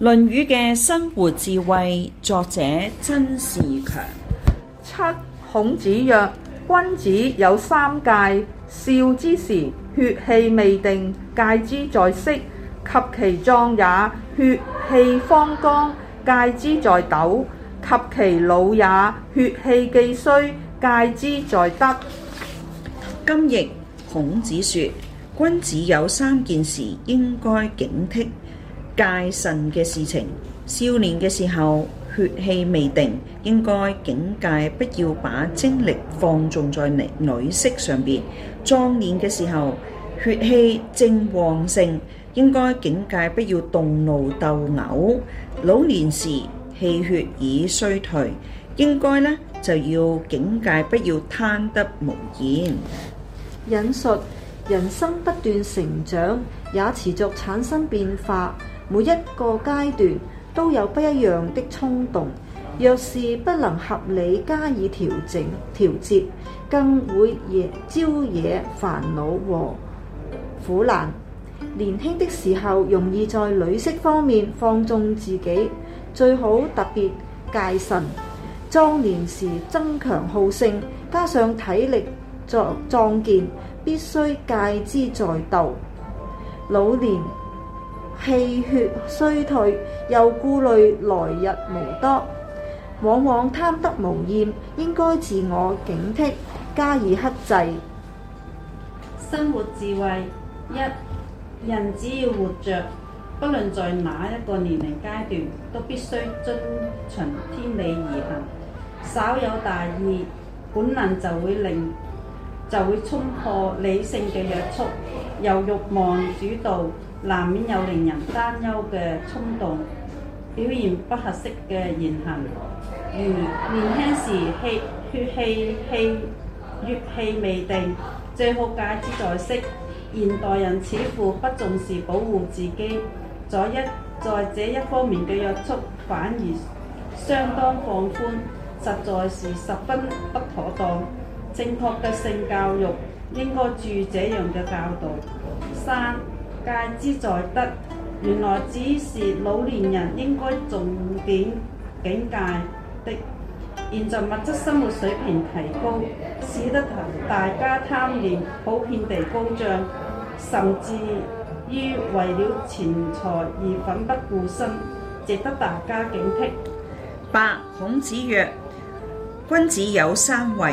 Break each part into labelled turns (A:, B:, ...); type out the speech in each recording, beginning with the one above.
A: 《論語》嘅生活智慧，作者曾仕強。
B: 七，孔子曰：君子有三戒。少之時，血氣未定，戒之在色；及其壯也，血氣方剛，戒之在鬥；及其老也，血氣既衰，戒之在得。」今亦
A: 孔子說，君子有三件事應該警惕。戒慎嘅事情，少年嘅時候血氣未定，應該警戒，不要把精力放縱在女色上邊；壯年嘅時候血氣正旺盛，應該警戒，不要動怒鬥毆；老年時氣血已衰退，應該呢就要警戒，不要貪得無厭。引述：
C: 人生不斷成長，也持續產生變化。每一個階段都有不一樣的衝動，若是不能合理加以調整調節，更會惹招惹煩惱和苦難。年輕的時候容易在女色方面放縱自己，最好特別戒慎。壯年時爭強好勝，加上體力壯壯健，必須戒之在鬥；老年，氣血衰退，又顧慮來日無多，往往貪得無厭，應該自我警惕，加以克制。
D: 生活智慧一，人只要活着，不論在哪一個年齡階段，都必須遵循天理而行，稍有大意，本能就會令。就會衝破理性嘅約束，由慾望主導，難免有令人擔憂嘅衝動，表現不合適嘅言行。如年輕時氣血氣氣血氣未定，最好戒之在色。現代人似乎不重視保護自己，在一在這一方面嘅約束，反而相當放寬，實在是十分不妥當。正確嘅性教育應該注這樣嘅教導。三戒之在德，原來只是老年人應該重點警戒的。現在物質生活水平提高，使得大家貪念普遍地高漲，甚至於為了錢財而奮不顧身，值得大家警惕。八孔子曰：
A: 君子有三畏。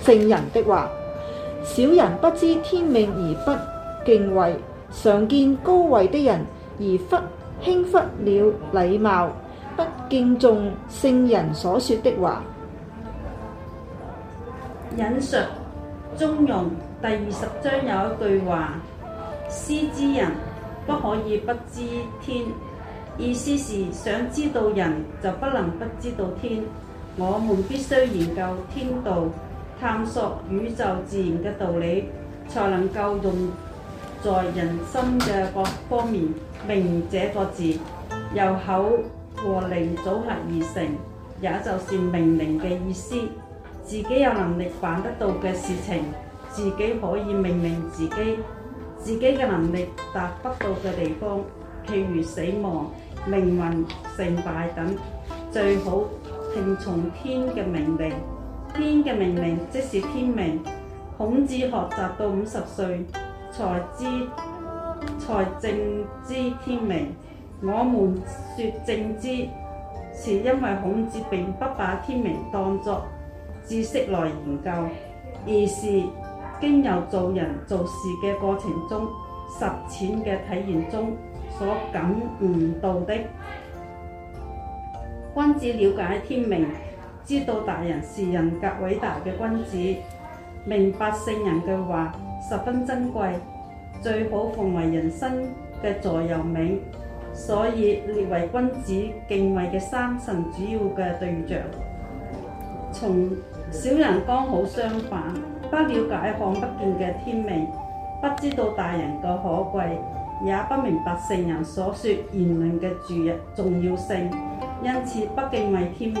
C: 聖人的話，小人不知天命而不敬畏，常見高位的人而忽輕忽了禮貌，不敬重聖人所說的話。
D: 引述中庸第二十章有一句話：思知人不可以不知天，意思是想知道人就不能不知道天。我們必須研究天道。探索宇宙自然嘅道理，才能夠用在人生嘅各方面。命這個字由口和靈組合而成，也就是命令嘅意思。自己有能力辦得到嘅事情，自己可以命令自己；自己嘅能力達不到嘅地方，譬如死亡、命運、成敗等，最好聽從天嘅命令。天嘅命令即是天命。孔子學習到五十歲才知才正知天命。我們說正知，是因為孔子並不把天命當作知識來研究，而是經由做人做事嘅過程中實踐嘅體驗中所感悟到的。君子了解天命。知道大人是人格偉大嘅君子，明白聖人嘅話十分珍貴，最好奉為人生嘅座右銘，所以列為君子敬畏嘅三神主要嘅對象。從小人剛好相反，不了解看不見嘅天命，不知道大人嘅可貴，也不明白聖人所說言論嘅主要重要性，因此不敬畏天命。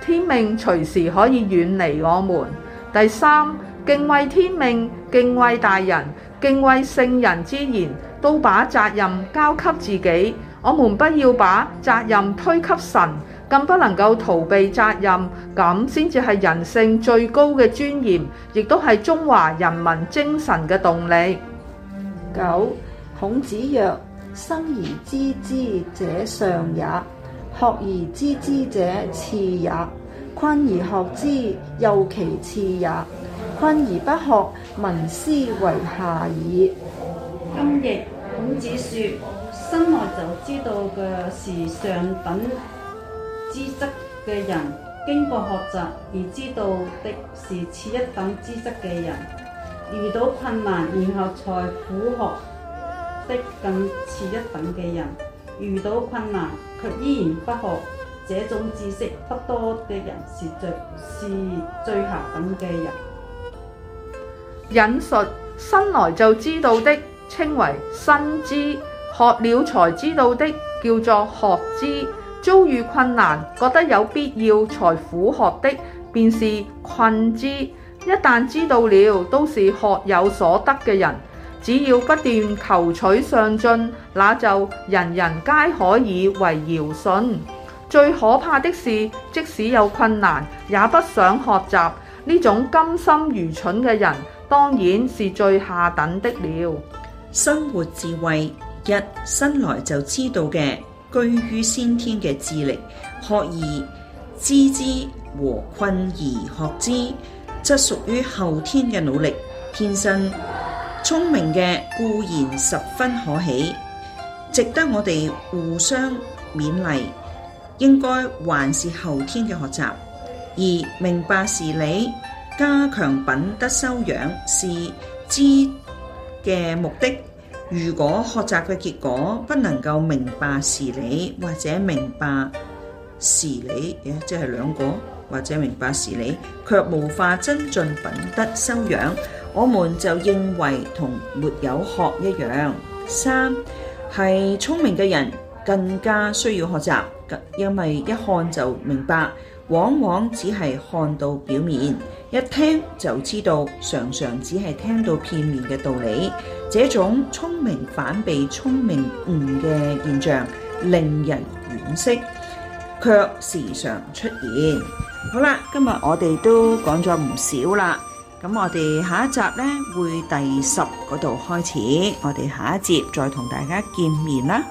B: 天命隨時可以遠離我們，第三，敬畏天命，敬畏大人，敬畏聖人之言，都把責任交給自己，我們不要把責任推給神，更不能夠逃避責任，噉先至係人性最高嘅尊嚴，亦都係中華人民精神嘅動力。九,孔子曰:生而知之者上也。學
C: 而知之者次也，困而學之又其次也，困而不學，民斯為下矣。
D: 今譯孔子說，生來就知道嘅是上等資質嘅人，經過學習而知道的是次一等資質嘅人，遇到困難然後才苦學的更次一等嘅人，遇到困難。卻依然不學，這種知識不多嘅人是最是最下等嘅
B: 人。引述生來就知道的，稱為生知；學了才知道的，叫做學知；遭遇困難覺得有必要才苦學的，便是困知。一旦知道了，都是學有所得嘅人。只要不斷求取上進，那就人人皆可以為堯舜。最可怕的是，即使有困難，也不想學習。呢種甘心愚蠢嘅人，當然是最下等的了。生
A: 活智慧一，生來就知道嘅居於先天嘅智力，學而知之和困而學之，則屬於後天嘅努力。天生。聰明嘅固然十分可喜，值得我哋互相勉勵。應該還是後天嘅學習，而明白事理、加強品德修養是知嘅目的。如果學習嘅結果不能夠明白事理，或者明白事理，誒，即係兩個，或者明白事理卻無法增進品德修養。我們就認為同沒有學一樣。三係聰明嘅人更加需要學習，因為一看就明白，往往只係看到表面；一聽就知道，常常只係聽到片面嘅道理。這種聰明反被聰明誤嘅現象令人惋惜，卻時常出現。好啦，今日我哋都講咗唔少啦。咁我哋下一集呢，會第十嗰度開始，我哋下一節再同大家見面啦。